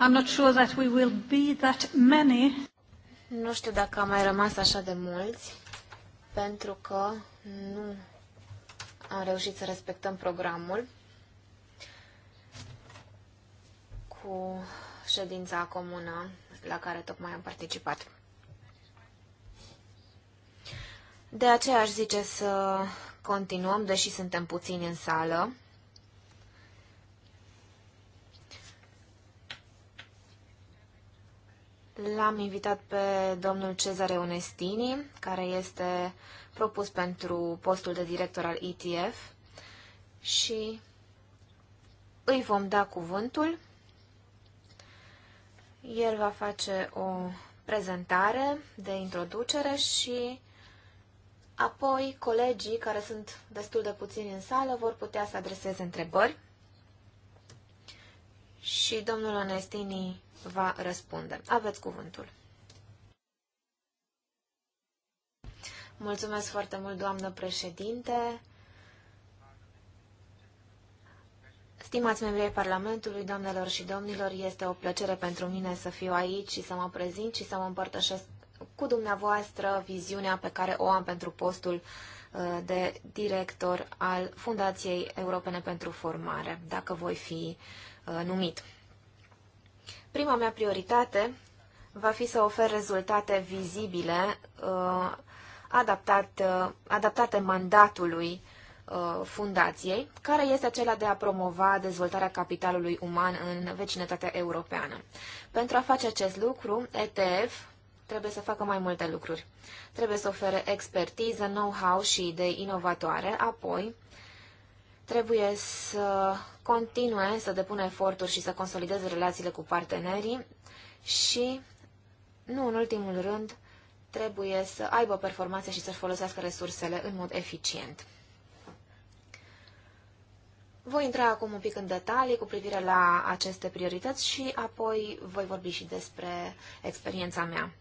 I'm not sure that we will be that many. Nu știu dacă am mai rămas așa de mulți, pentru că nu am reușit să respectăm programul cu ședința comună la care tocmai am participat. De aceea aș zice să continuăm, deși suntem puțini în sală. L-am invitat pe domnul Cezare Onestini, care este propus pentru postul de director al ETF și îi vom da cuvântul. El va face o prezentare de introducere și apoi colegii care sunt destul de puțini în sală vor putea să adreseze întrebări. Și domnul Onestini va răspunde. Aveți cuvântul. Mulțumesc foarte mult, doamnă președinte. Stimați membrii Parlamentului, doamnelor și domnilor, este o plăcere pentru mine să fiu aici și să mă prezint și să mă împărtășesc cu dumneavoastră viziunea pe care o am pentru postul uh, de director al Fundației Europene pentru Formare, dacă voi fi uh, numit. Prima mea prioritate va fi să ofer rezultate vizibile, uh, adaptate, uh, adaptate mandatului uh, fundației, care este acela de a promova dezvoltarea capitalului uman în vecinătatea europeană. Pentru a face acest lucru, ETF trebuie să facă mai multe lucruri. Trebuie să ofere expertiză, know-how și idei inovatoare, apoi trebuie să continue să depună eforturi și să consolideze relațiile cu partenerii și, nu în ultimul rând, trebuie să aibă performanțe și să-și folosească resursele în mod eficient. Voi intra acum un pic în detalii cu privire la aceste priorități și apoi voi vorbi și despre experiența mea.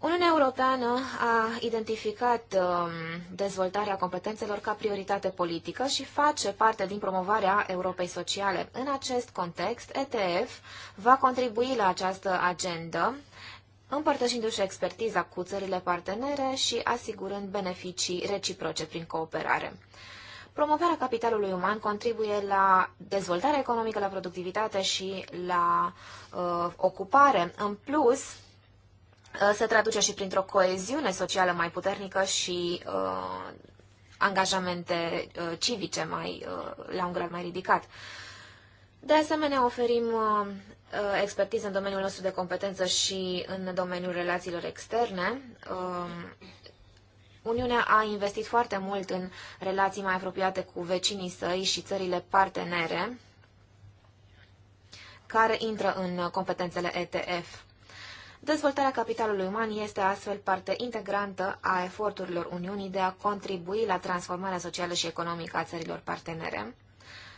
Uniunea Europeană a identificat um, dezvoltarea competențelor ca prioritate politică și face parte din promovarea Europei Sociale. În acest context, ETF va contribui la această agendă, împărtășindu-și expertiza cu țările partenere și asigurând beneficii reciproce prin cooperare. Promovarea capitalului uman contribuie la dezvoltarea economică, la productivitate și la uh, ocupare. În plus, Uh, se traduce și printr-o coeziune socială mai puternică și uh, angajamente uh, civice mai, uh, la un grad mai ridicat. De asemenea, oferim uh, uh expertiză în domeniul nostru de competență și în domeniul relațiilor externe. Uh, Uniunea a investit foarte mult în relații mai apropiate cu vecinii săi și țările partenere care intră în uh, competențele ETF. Dezvoltarea capitalului uman este astfel parte integrantă a eforturilor Uniunii de a contribui la transformarea socială și economică a țărilor partenere,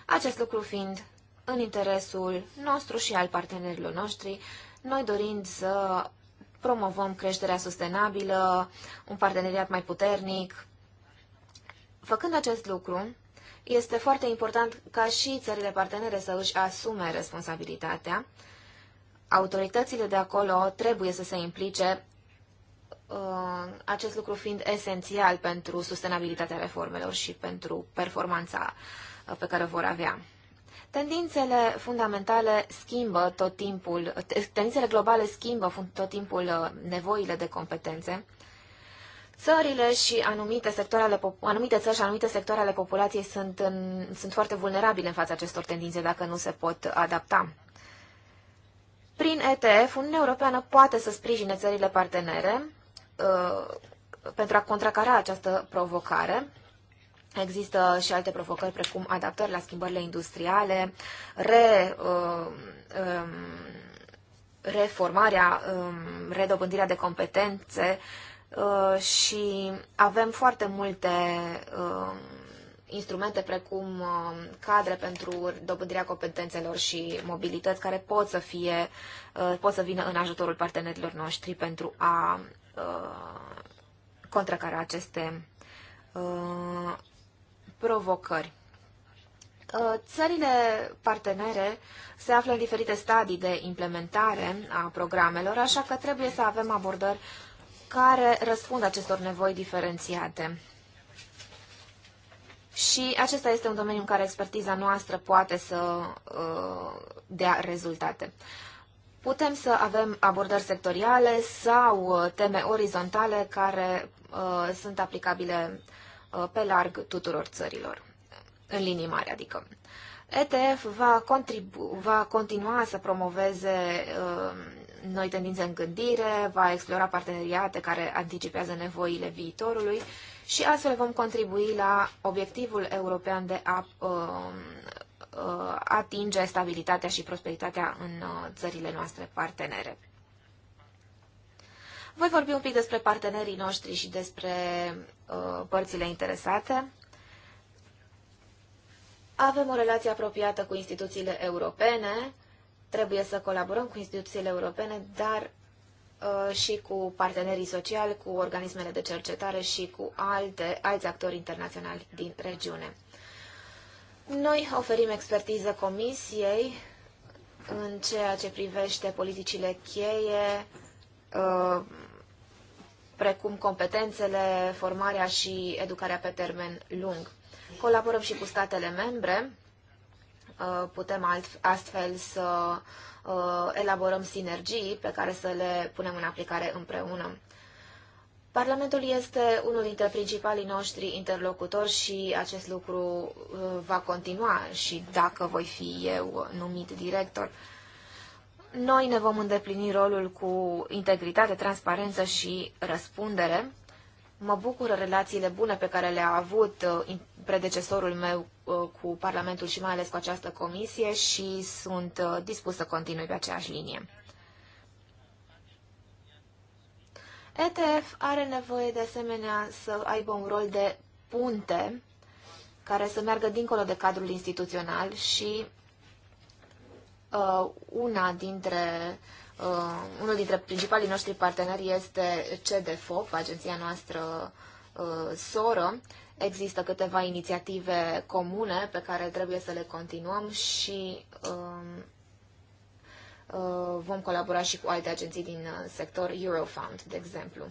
acest lucru fiind în interesul nostru și al partenerilor noștri, noi dorind să promovăm creșterea sustenabilă, un parteneriat mai puternic. Făcând acest lucru, este foarte important ca și țările partenere să își asume responsabilitatea autoritățile de acolo trebuie să se implice, uh, acest lucru fiind esențial pentru sustenabilitatea reformelor și pentru performanța uh, pe care o vor avea. Tendințele fundamentale schimbă tot timpul, tendințele globale schimbă tot timpul uh, nevoile de competențe. Țările și anumite, sectoare ale, anumite țări și anumite sectoare ale populației sunt, în, sunt foarte vulnerabile în fața acestor tendințe dacă nu se pot adapta. Prin ETF, Uniunea Europeană poate să sprijine țările partenere uh, pentru a contracara această provocare. Există și alte provocări, precum adaptări la schimbările industriale, re, uh, um, reformarea, um, redobândirea de competențe uh, și avem foarte multe um, instrumente precum uh, cadre pentru dobândirea competențelor și mobilități care pot să fie, uh, pot să vină în ajutorul partenerilor noștri pentru a uh, contracara aceste provocări. Țările partenere se află în diferite stadii de implementare a programelor, așa că trebuie să avem abordări care răspund acestor nevoi diferențiate. Și acesta este un domeniu în care expertiza noastră poate să uh, dea rezultate. Putem să avem abordări sectoriale sau uh, teme orizontale care uh, sunt aplicabile pe larg tuturor țărilor, în linii mari, adică. ETF va, contribu- va continua să promoveze noi tendințe în gândire, va explora parteneriate care anticipează nevoile viitorului și astfel vom contribui la obiectivul european de a uh, uh, atinge stabilitatea și prosperitatea în uh, țările noastre partenere. Voi vorbi un pic despre partenerii noștri și despre părțile interesate. Avem o relație apropiată cu instituțiile europene, trebuie să colaborăm cu instituțiile europene, dar Uh, și cu partenerii sociali, cu organismele de cercetare și cu alte, alți actori internaționali din regiune. Noi oferim expertiză comisiei în ceea ce privește politicile cheie, uh, precum competențele, formarea și educarea pe termen lung. Colaborăm și cu statele membre Uh, putem astfel să uh, elaborăm sinergii pe care să le punem în aplicare împreună. Parlamentul este unul dintre principalii noștri interlocutori și acest lucru uh, va continua și dacă voi fi eu numit director. Noi ne vom îndeplini rolul cu integritate, transparență și răspundere Mă bucură relațiile bune pe care le-a avut uh, predecesorul meu uh, cu Parlamentul și mai ales cu această comisie și sunt uh, dispus să continui pe aceeași linie. ETF are nevoie de asemenea să aibă un rol de punte care să meargă dincolo de cadrul instituțional și uh, una dintre Uh, unul dintre principalii noștri parteneri este CDFOP, agenția noastră uh, soră. Există câteva inițiative comune pe care trebuie să le continuăm și um, uh, vom colabora și cu alte agenții din uh, sector, Eurofound, de exemplu.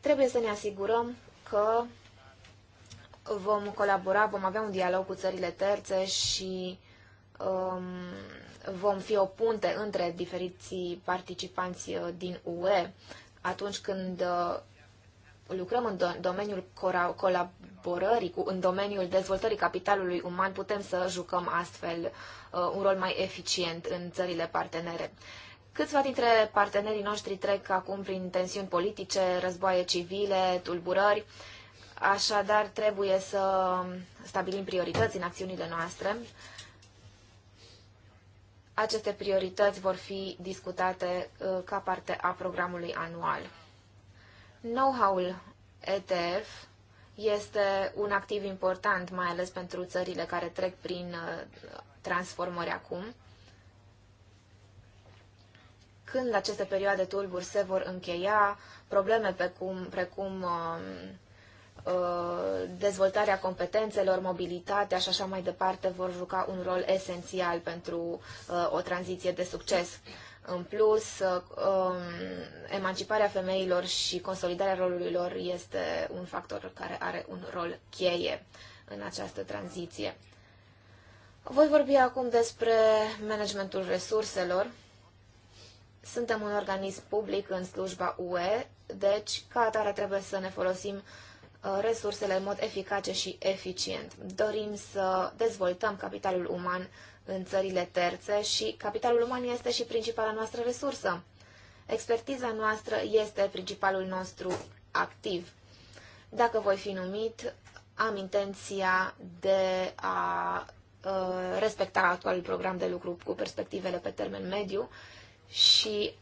Trebuie să ne asigurăm că vom colabora, vom avea un dialog cu țările terțe și um, vom fi o punte între diferiții participanți uh, din UE atunci când uh, lucrăm în domeniul colaborării, cu, în domeniul dezvoltării capitalului uman, putem să jucăm astfel uh, un rol mai eficient în țările partenere. Câțiva dintre partenerii noștri trec acum prin tensiuni politice, războaie civile, tulburări, așadar trebuie să stabilim priorități în acțiunile noastre aceste priorități vor fi discutate uh, ca parte a programului anual. Know-how-ul ETF este un activ important, mai ales pentru țările care trec prin uh, transformări acum. Când aceste perioade tulburi se vor încheia, probleme precum, precum uh, Uh, dezvoltarea competențelor, mobilitatea și așa mai departe vor juca un rol esențial pentru uh, o tranziție de succes. În plus, uh, um, emanciparea femeilor și consolidarea rolului lor este un factor care are un rol cheie în această tranziție. Voi vorbi acum despre managementul resurselor. Suntem un organism public în slujba UE, deci, ca atare, trebuie să ne folosim Uh, resursele în mod eficace și eficient. Dorim să dezvoltăm capitalul uman în țările terțe și capitalul uman este și principala noastră resursă. Expertiza noastră este principalul nostru activ. Dacă voi fi numit, am intenția de a uh, respecta actualul program de lucru cu perspectivele pe termen mediu și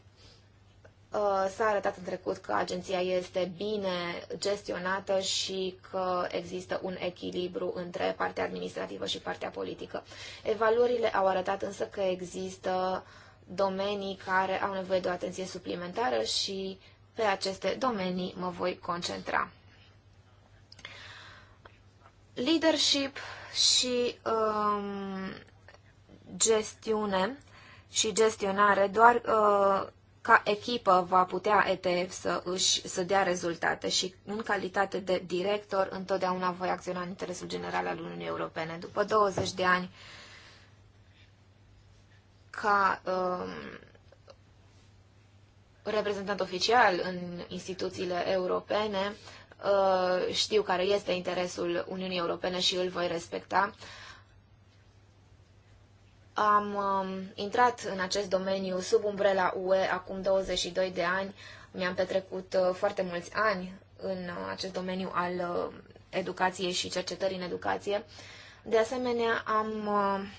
Uh, s-a arătat în trecut că agenția este bine gestionată și că există un echilibru între partea administrativă și partea politică. Evaluările au arătat însă că există domenii care au nevoie de o atenție suplimentară și pe aceste domenii mă voi concentra. Leadership și um, gestiune și gestionare doar uh, ca echipă va putea ETF să își să dea rezultate și în calitate de director întotdeauna voi acționa în interesul general al Uniunii Europene. După 20 de ani ca um, reprezentant oficial în instituțiile europene, uh, știu care este interesul Uniunii Europene și îl voi respecta. Am um, intrat în acest domeniu sub umbrela UE acum 22 de ani. Mi-am petrecut uh, foarte mulți ani în uh, acest domeniu al uh, educației și cercetării în educație. De asemenea, am, uh,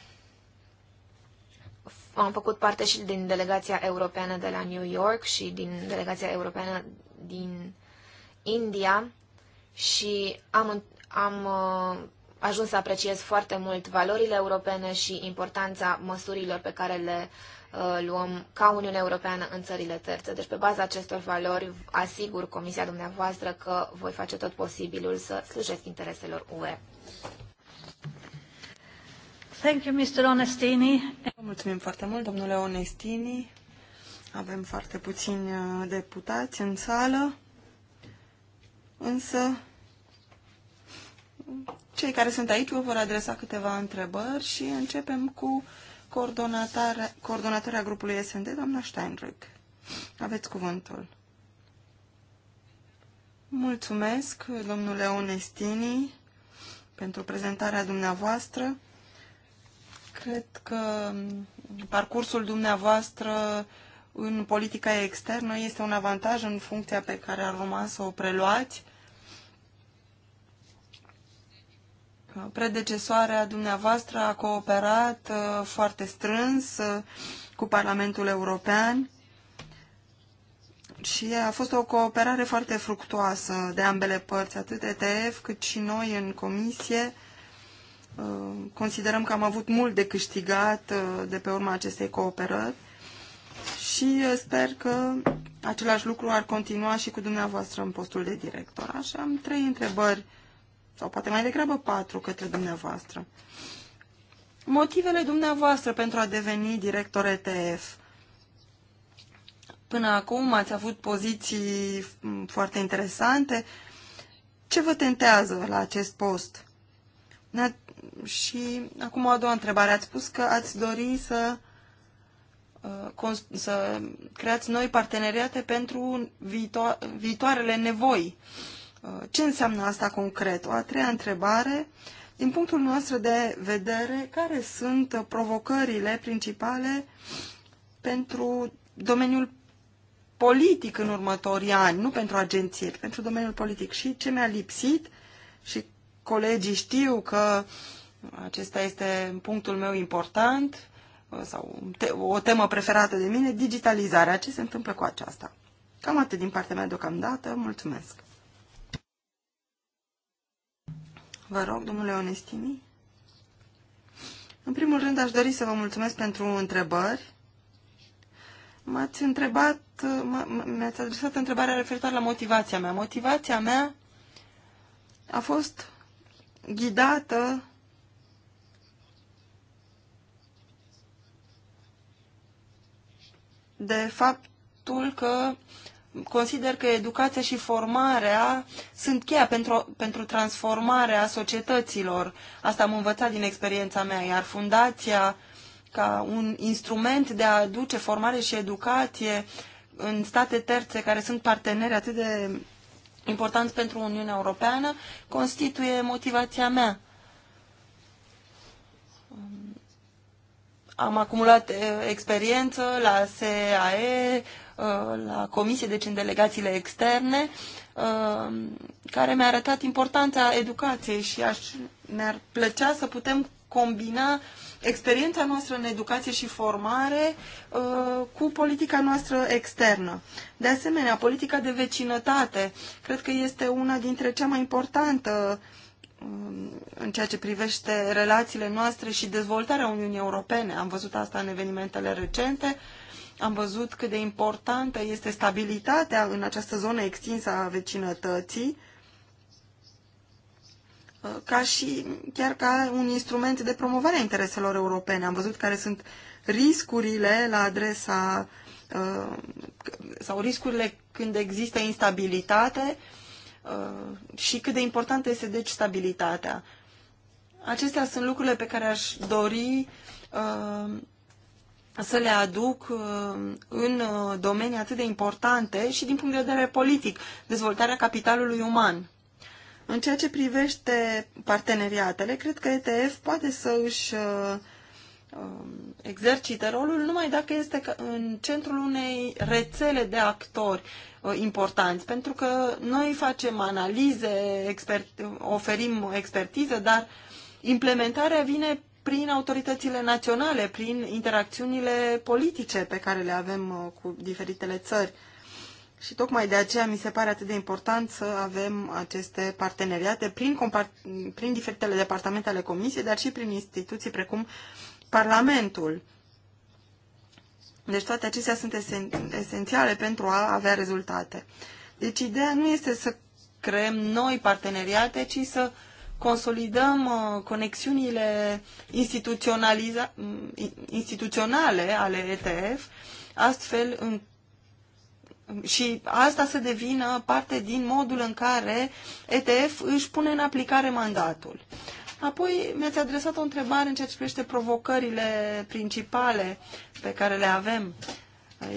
am făcut parte și din delegația europeană de la New York și din delegația europeană din India și am, am uh, ajuns să apreciez foarte mult valorile europene și importanța măsurilor pe care le uh, luăm ca Uniunea Europeană în țările terțe. Deci, pe baza acestor valori, asigur Comisia dumneavoastră că voi face tot posibilul să slujesc intereselor UE. Thank you, Mr. Onestini. Mulțumim foarte mult, domnule Onestini. Avem foarte puțini uh, deputați în sală, însă cei care sunt aici vă vor adresa câteva întrebări și începem cu coordonatoarea grupului SND, doamna Steinrück. Aveți cuvântul. Mulțumesc, domnule Onestini, pentru prezentarea dumneavoastră. Cred că parcursul dumneavoastră în politica externă este un avantaj în funcția pe care ar urma să o preluați. predecesoarea dumneavoastră a cooperat uh, foarte strâns uh, cu Parlamentul European și a fost o cooperare foarte fructuoasă de ambele părți, atât ETF cât și noi în comisie. Uh, considerăm că am avut mult de câștigat de pe urma acestei cooperări și sper că același lucru ar continua și cu dumneavoastră în postul de director. Așa am trei întrebări sau poate mai degrabă patru către dumneavoastră. Motivele dumneavoastră pentru a deveni director ETF. Până acum ați avut poziții foarte interesante. Ce vă tentează la acest post? Și acum o a doua întrebare. Ați spus că ați dori să, uh, să creați noi parteneriate pentru viitoarele nevoi. Uh, ce înseamnă asta concret? O a treia întrebare, din punctul nostru de vedere, care sunt provocările principale pentru domeniul politic în următorii ani, nu pentru agenție, pentru domeniul politic. Și ce mi-a lipsit, și colegii știu că acesta este punctul meu important, sau o temă preferată de mine, digitalizarea. Ce se întâmplă cu aceasta? Cam atât din partea mea deocamdată. Mulțumesc! Vă rog, domnule Onestini. În primul rând, aș dori să vă mulțumesc pentru întrebări. M-ați întrebat, mi-ați adresat întrebarea referitoare la motivația mea. Motivația mea a fost ghidată de faptul că consider că educația și formarea sunt cheia pentru, pentru transformarea societăților. Asta am învățat din experiența mea, iar fundația ca un instrument de a aduce formare și educație în state terțe care sunt parteneri atât de importanți pentru Uniunea Europeană, constituie motivația mea. Am acumulat eh, experiență la SAE, Uh, la comisie, deci în delegațiile externe, uh, care mi-a arătat importanța educației și aș, mi-ar plăcea să putem combina experiența noastră în educație și formare uh, cu politica noastră externă. De asemenea, politica de vecinătate cred că este una dintre cea mai importantă în ceea ce privește relațiile noastre și dezvoltarea Uniunii Europene. Am văzut asta în evenimentele recente am văzut cât de importantă este stabilitatea în această zonă extinsă a vecinătății, uh, ca și chiar ca un instrument de promovare a intereselor europene. Am văzut care sunt riscurile la adresa uh, sau riscurile când există instabilitate uh, și cât de importantă este deci stabilitatea. Acestea sunt lucrurile pe care aș dori să le aduc uh, în uh, domenii atât de importante și din punct de vedere politic, dezvoltarea capitalului uman. În ceea ce privește parteneriatele, cred că ETF poate să își uh, um, exercite rolul numai dacă este în centrul unei rețele de actori importanți, pentru că noi facem analize, expert, oferim expertiză, dar implementarea vine prin autoritățile naționale, prin interacțiunile politice pe care le avem uh, cu diferitele țări. Și tocmai de aceea mi se pare atât de important să avem aceste parteneriate prin, prin diferitele departamente ale Comisiei, dar și prin instituții precum Parlamentul. Deci toate acestea sunt esen esențiale pentru a avea rezultate. Deci ideea nu este să creăm noi parteneriate, ci să uh, consolidăm uh, conexiunile mm, instituționale ale ETF, astfel în și asta să devină parte din modul în care ETF își pune în aplicare mandatul. Apoi mi-ați adresat o întrebare în ceea ce privește provocările principale pe care le avem.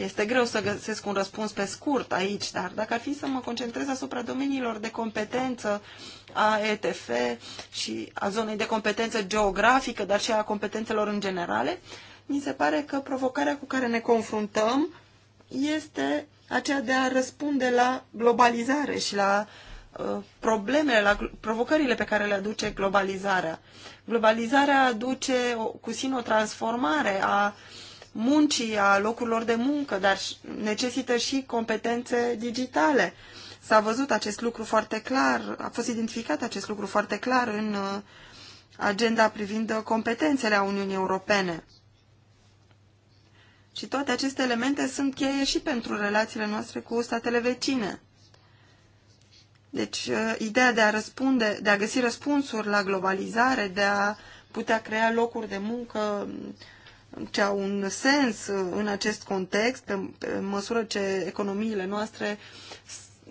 Este greu să găsesc un răspuns pe scurt aici, dar dacă ar fi să mă concentrez asupra domeniilor de competență a ETF și a zonei de competență geografică, dar și a competențelor în generale, mi se pare că provocarea cu care ne confruntăm este aceea de a răspunde la globalizare și la uh, problemele, la provocările pe care le aduce globalizarea. Globalizarea aduce o, cu sine o transformare a uh, muncii, a locurilor de muncă, dar necesită și competențe digitale. S-a văzut acest lucru foarte clar, a fost identificat acest lucru foarte clar în uh, agenda privind uh, competențele a Uniunii Europene. Și toate aceste elemente sunt cheie și pentru relațiile noastre cu statele vecine. Deci, uh, ideea de a răspunde, de a găsi răspunsuri la globalizare, de a putea crea locuri de muncă ce au un sens uh, în acest context, pe, pe măsură ce economiile noastre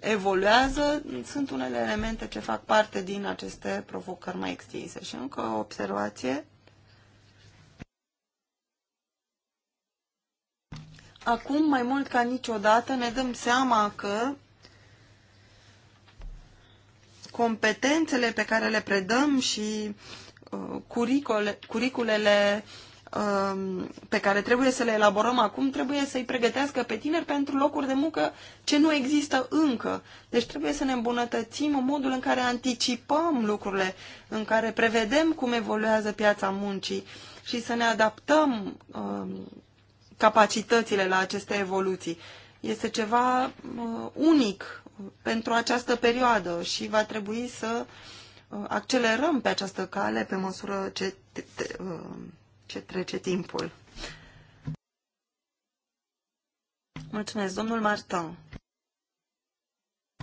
evoluează, sunt unele elemente ce fac parte din aceste provocări mai extinse. Și încă o observație. Acum, mai mult ca niciodată, ne dăm seama că competențele pe care le predăm și uh, curicole, curiculele uh, Um, pe care trebuie să le elaborăm acum, trebuie să-i pregătească pe tineri pentru locuri de muncă ce nu există încă. Deci trebuie să ne îmbunătățim în modul în care anticipăm lucrurile, în care prevedem cum evoluează piața muncii și să ne adaptăm um, capacitățile la aceste evoluții. Este ceva uh, unic pentru această perioadă și va trebui să uh, accelerăm pe această cale pe măsură ce te, te, uh, ce trece timpul. Mulțumesc, domnul Martin.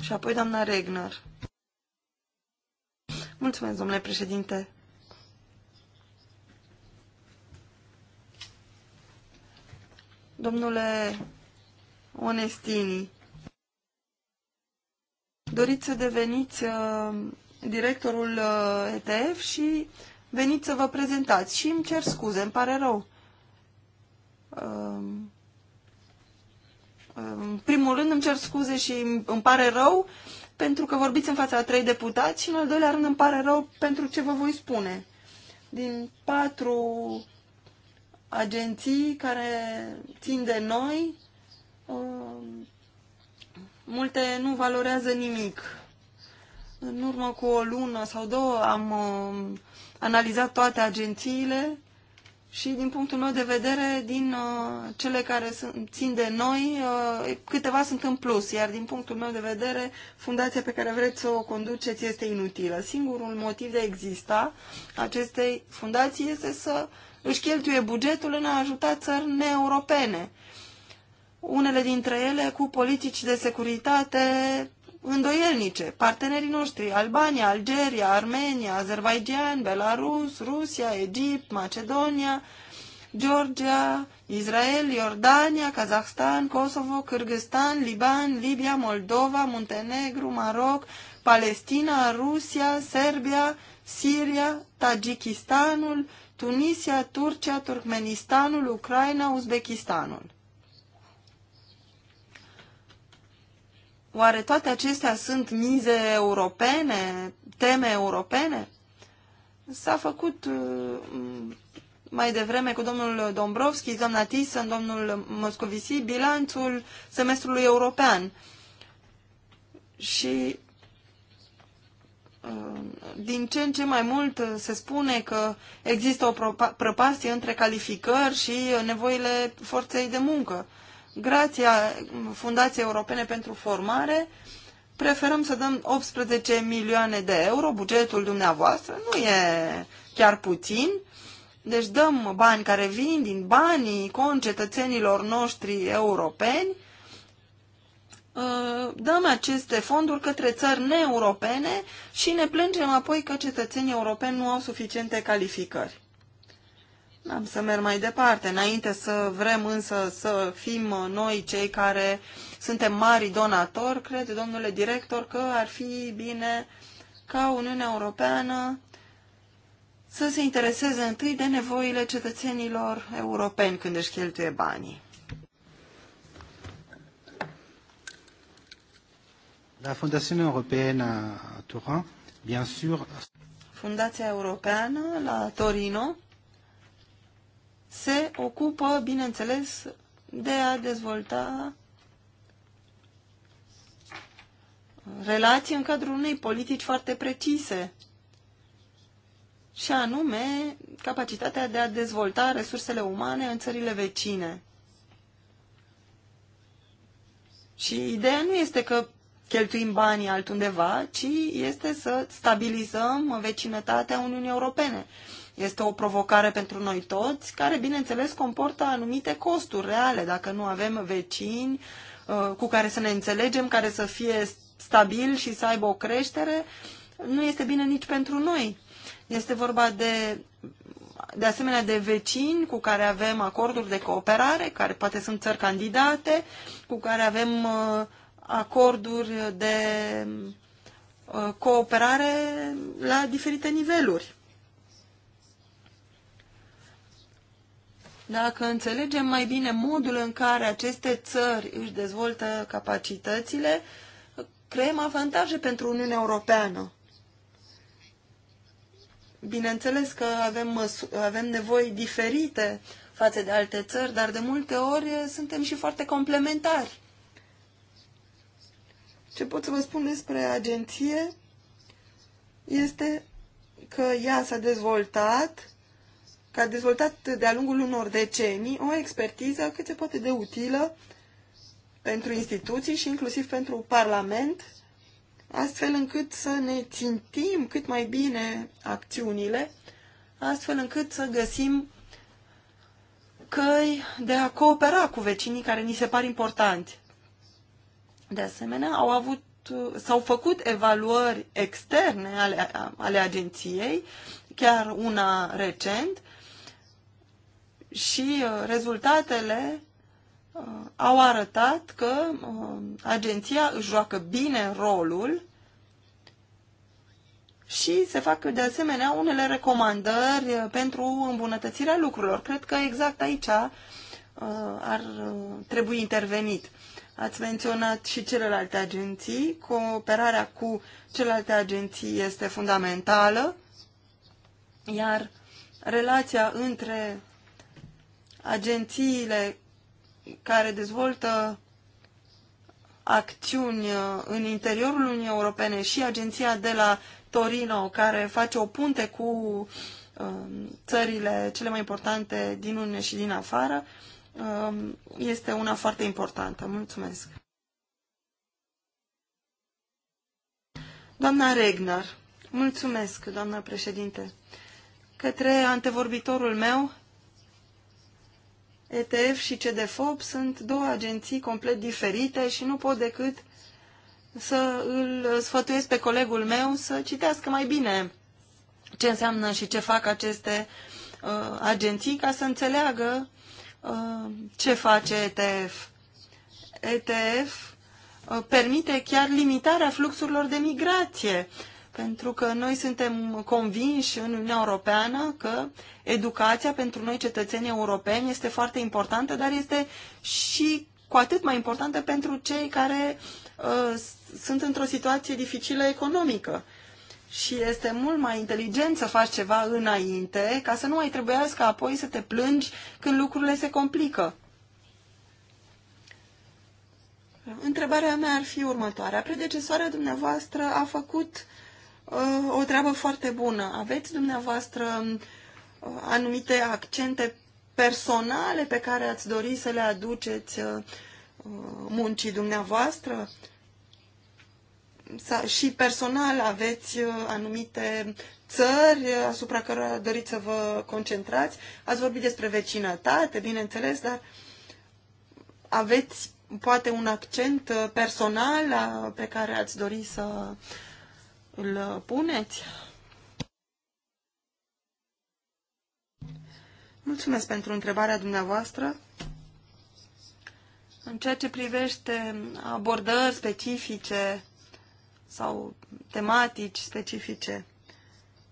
Și apoi doamna Regner. Mulțumesc, domnule președinte. Domnule Onestini, doriți să deveniți uh, directorul uh, ETF și uh, veniți să vă prezentați și îmi cer scuze, îmi pare rău. Ehm, ehm, în primul rând îmi cer scuze și îmi pare rău pentru că vorbiți în fața a trei deputați și în al doilea rând îmi pare rău pentru ce vă voi spune. Din patru agenții care țin de noi, ehm, multe nu valorează nimic. În urmă cu o lună sau două am analizat toate agențiile și din punctul meu de vedere, din uh, cele care sunt, țin de noi, uh, câteva sunt în plus, iar din punctul meu de vedere, fundația pe care vreți să o conduceți este inutilă. Singurul motiv de a exista acestei fundații este să își cheltuie bugetul în a ajuta țări neeuropene. Unele dintre ele cu politici de securitate îndoielnice. Partenerii noștri, Albania, Algeria, Armenia, Azerbaijan, Belarus, Rusia, Egipt, Macedonia, Georgia, Israel, Iordania, Kazahstan, Kosovo, Kyrgyzstan, Liban, Libia, Moldova, Muntenegru, Maroc, Palestina, Rusia, Serbia, Siria, Tajikistanul, Tunisia, Turcia, Turkmenistanul, Ucraina, Uzbekistanul. Oare toate acestea sunt mize europene, teme europene? S-a făcut uh, mai devreme cu domnul Dombrovski, doamna Thyssen, domnul Moscovici, bilanțul semestrului european. Și uh, din ce în ce mai mult se spune că există o prăpastie între calificări și nevoile forței de muncă grația Fundației Europene pentru Formare, preferăm să dăm 18 milioane de euro, bugetul dumneavoastră, nu e chiar puțin, deci dăm bani care vin din banii concetățenilor noștri europeni, uh, dăm aceste fonduri către țări neeuropene și ne plângem apoi că cetățenii europeni nu au suficiente calificări. Am să merg mai departe. Înainte să vrem însă să fim noi cei care suntem mari donatori, cred, domnule director, că ar fi bine ca Uniunea Europeană să se intereseze întâi de nevoile cetățenilor europeni când își cheltuie banii. La Fundația Europeană a Turin, bien sûr. Fundația Europeană la Torino se ocupă, bineînțeles, de a dezvolta relații în cadrul unei politici foarte precise, și anume capacitatea de a dezvolta resursele umane în țările vecine. Și ideea nu este că cheltuim banii altundeva, ci este să stabilizăm vecinătatea Uniunii Europene. Este o provocare pentru noi toți, care, bineînțeles, comportă anumite costuri reale, dacă nu avem vecini uh, cu care să ne înțelegem, care să fie stabil și să aibă o creștere, nu este bine nici pentru noi. Este vorba de, de asemenea de vecini cu care avem acorduri de cooperare, care poate sunt țări candidate, cu care avem uh, acorduri de uh, cooperare la diferite niveluri. Dacă înțelegem mai bine modul în care aceste țări își dezvoltă capacitățile, creăm avantaje pentru Uniunea Europeană. Bineînțeles că avem, avem nevoi diferite față de alte țări, dar de multe ori suntem și foarte complementari. Ce pot să vă spun despre agenție este că ea s-a dezvoltat că a dezvoltat de-a lungul unor decenii o expertiză cât se poate de utilă pentru instituții și inclusiv pentru Parlament, astfel încât să ne țintim cât mai bine acțiunile, astfel încât să găsim căi de a coopera cu vecinii care ni se par importanti. De asemenea, au avut s-au făcut evaluări externe ale, ale agenției, chiar una recent, și uh, rezultatele uh, au arătat că uh, agenția își joacă bine rolul și se fac de asemenea unele recomandări pentru îmbunătățirea lucrurilor. Cred că exact aici ar trebui intervenit. Ați menționat și celelalte agenții. Cooperarea cu celelalte agenții este fundamentală, iar relația între agențiile care dezvoltă acțiuni uh, în interiorul Uniunii Europene și agenția de la Torino, care face o punte cu um, țările cele mai importante din Uniune și din afară, um, este una foarte importantă. Mulțumesc! Doamna Regner, mulțumesc, doamna președinte. Către antevorbitorul meu, ETF și CDFOP sunt două agenții complet diferite și nu pot decât să îl sfătuiesc pe colegul meu să citească mai bine ce înseamnă și ce fac aceste uh, agenții ca să înțeleagă uh, ce face ETF. ETF uh, permite chiar limitarea fluxurilor de migrație pentru că noi suntem convinși în Uniunea Europeană că educația pentru noi cetățenii europeni este foarte importantă, dar este și cu atât mai importantă pentru cei care uh, sunt într-o situație dificilă economică. Și este mult mai inteligent să faci ceva înainte, ca să nu mai trebuiască apoi să te plângi când lucrurile se complică. Întrebarea mea ar fi următoarea. Predecesoarea dumneavoastră a făcut uh, o treabă foarte bună. Aveți dumneavoastră uh, anumite accente personale pe care ați dori să le aduceți uh, muncii dumneavoastră? Și personal aveți uh, anumite țări asupra cărora doriți să vă concentrați? Ați vorbit despre vecinătate, bineînțeles, dar aveți poate un accent personal pe care ați dori să îl puneți? Mulțumesc pentru întrebarea dumneavoastră. În ceea ce privește abordări specifice sau tematici specifice,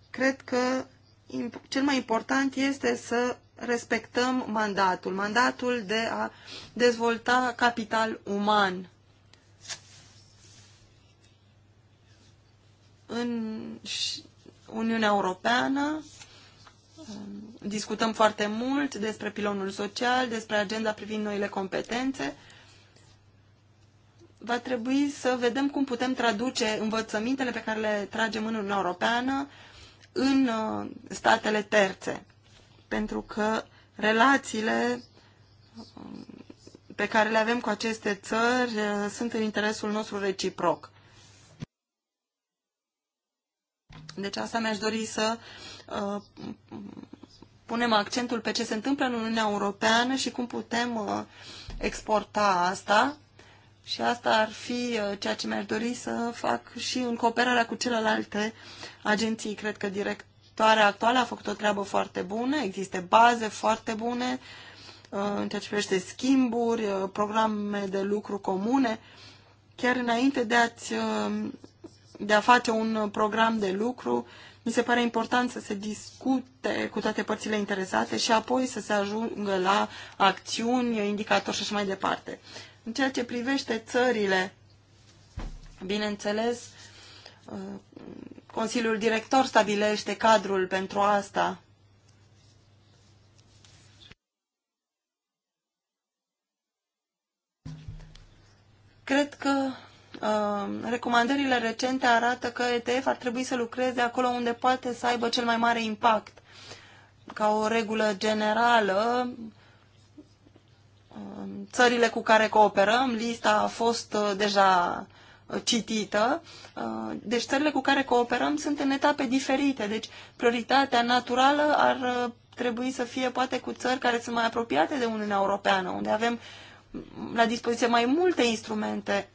cred că cel mai important este să respectăm mandatul, mandatul de a dezvolta capital uman. în Uniunea Europeană um, discutăm foarte mult despre pilonul social, despre agenda privind noile competențe. Va trebui să vedem cum putem traduce învățămintele pe care le tragem în Uniunea Europeană în uh, statele terțe. Pentru că relațiile um, pe care le avem cu aceste țări uh, sunt în interesul nostru reciproc. Deci asta mi-aș dori să uh, punem accentul pe ce se întâmplă în Uniunea Europeană și cum putem uh, exporta asta. Și asta ar fi uh, ceea ce mi-aș dori să fac și în cooperarea cu celelalte agenții. Cred că directoarea actuală a făcut o treabă foarte bună, există baze foarte bune în ceea ce privește schimburi, programe de lucru comune. Chiar înainte de a-ți de a face un program de lucru. Mi se pare important să se discute cu toate părțile interesate și apoi să se ajungă la acțiuni, indicatori și așa mai departe. În ceea ce privește țările, bineînțeles, Consiliul Director stabilește cadrul pentru asta. Cred că Um, recomandările recente arată că ETF ar trebui să lucreze acolo unde poate să aibă cel mai mare impact. Ca o regulă generală, um, țările cu care cooperăm, lista a fost uh, deja uh, citită. Uh, deci țările cu care cooperăm sunt în etape diferite. Deci prioritatea naturală ar trebui să fie poate cu țări care sunt mai apropiate de Uniunea Europeană, unde avem la dispoziție mai multe instrumente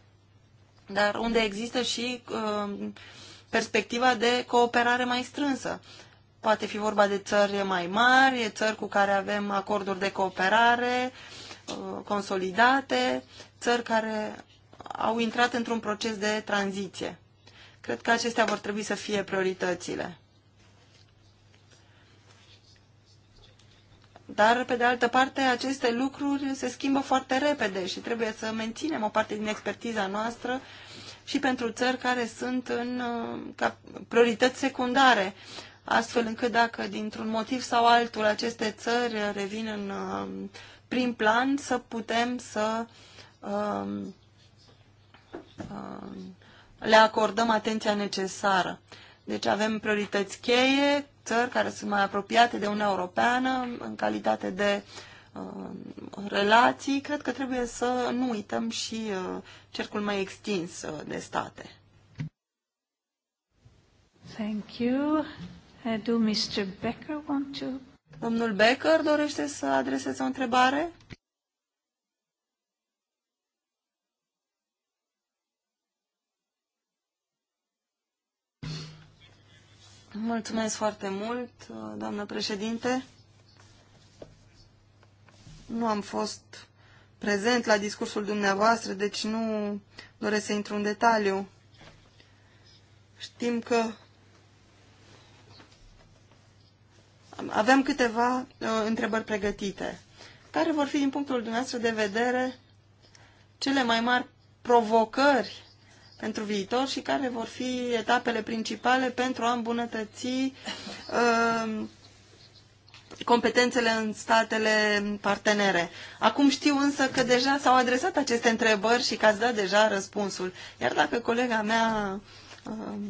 dar unde există și uh, perspectiva de cooperare mai strânsă. Poate fi vorba de țări mai mari, țări cu care avem acorduri de cooperare uh, consolidate, țări care au intrat într-un proces de tranziție. Cred că acestea vor trebui să fie prioritățile. Dar, pe de altă parte, aceste lucruri se schimbă foarte repede și trebuie să menținem o parte din expertiza noastră și pentru țări care sunt în uh, ca priorități secundare, astfel încât dacă dintr-un motiv sau altul aceste țări revin în uh, prim plan, să putem să um, um, le acordăm atenția necesară. Deci avem priorități cheie țări care sunt mai apropiate de Uniunea Europeană în calitate de uh, relații, cred că trebuie să nu uităm și uh, cercul mai extins uh, de state. Thank you. do Mr. Becker want to... Domnul Becker dorește să adreseze o întrebare? Mulțumesc foarte mult, doamnă președinte. Nu am fost prezent la discursul dumneavoastră, deci nu doresc să intru în detaliu. Știm că aveam câteva uh, întrebări pregătite, care vor fi, din punctul dumneavoastră de vedere, cele mai mari provocări pentru viitor și care vor fi etapele principale pentru a îmbunătăți um, competențele în statele partenere. Acum știu însă că deja s-au adresat aceste întrebări și că ați dat deja răspunsul. Iar dacă colega mea um,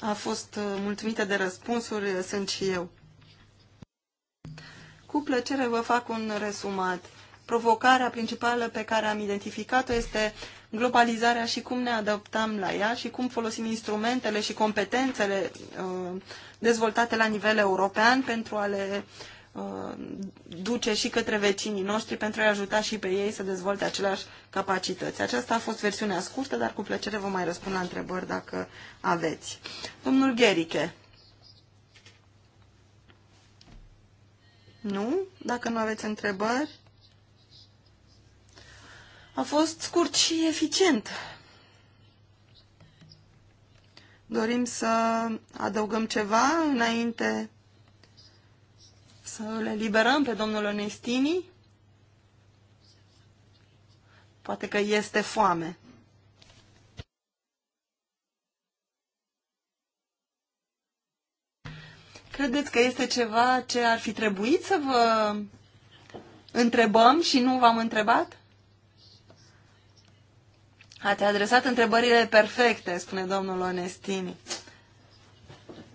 a fost uh, mulțumită de răspunsuri, sunt și eu. Cu plăcere vă fac un resumat. Provocarea principală pe care am identificat-o este globalizarea și cum ne adaptăm la ea și cum folosim instrumentele și competențele uh, dezvoltate la nivel european pentru a le uh, duce și către vecinii noștri pentru a-i ajuta și pe ei să dezvolte aceleași capacități. Aceasta a fost versiunea scurtă, dar cu plăcere vă mai răspund la întrebări dacă aveți. Domnul Gheriche. Nu? Dacă nu aveți întrebări, a fost scurt și eficient. Dorim să adăugăm ceva înainte să le liberăm pe domnul Onestini. Poate că este foame. Credeți că este ceva ce ar fi trebuit să vă întrebăm și nu v-am întrebat? Ați adresat întrebările perfecte, spune domnul Onestini.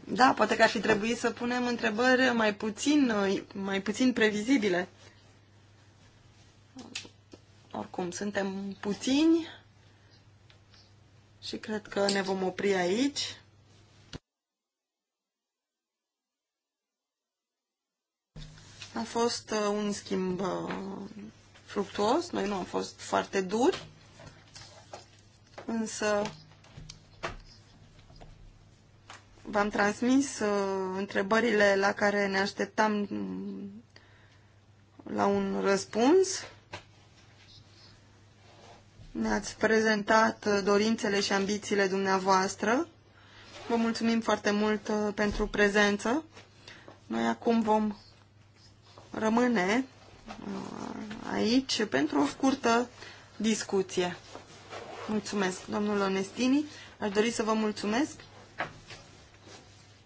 Da, poate că ar fi trebuit să punem întrebări mai puțin, mai puțin previzibile. Oricum, suntem puțini și cred că ne vom opri aici. A fost uh, un schimb uh, fructuos, noi nu am fost foarte duri însă v-am transmis uh, întrebările la care ne așteptam mm, la un răspuns. Ne-ați prezentat uh, dorințele și ambițiile dumneavoastră. Vă mulțumim foarte mult uh, pentru prezență. Noi acum vom rămâne aici pentru o scurtă discuție. Mulțumesc, domnul Onestini. Aș dori să vă mulțumesc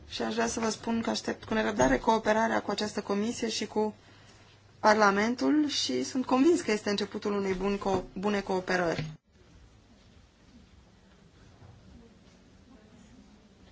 și aș vrea să vă spun că aștept cu nerăbdare cooperarea cu această comisie și cu Parlamentul și sunt convins că este începutul unei bun co bune cooperări.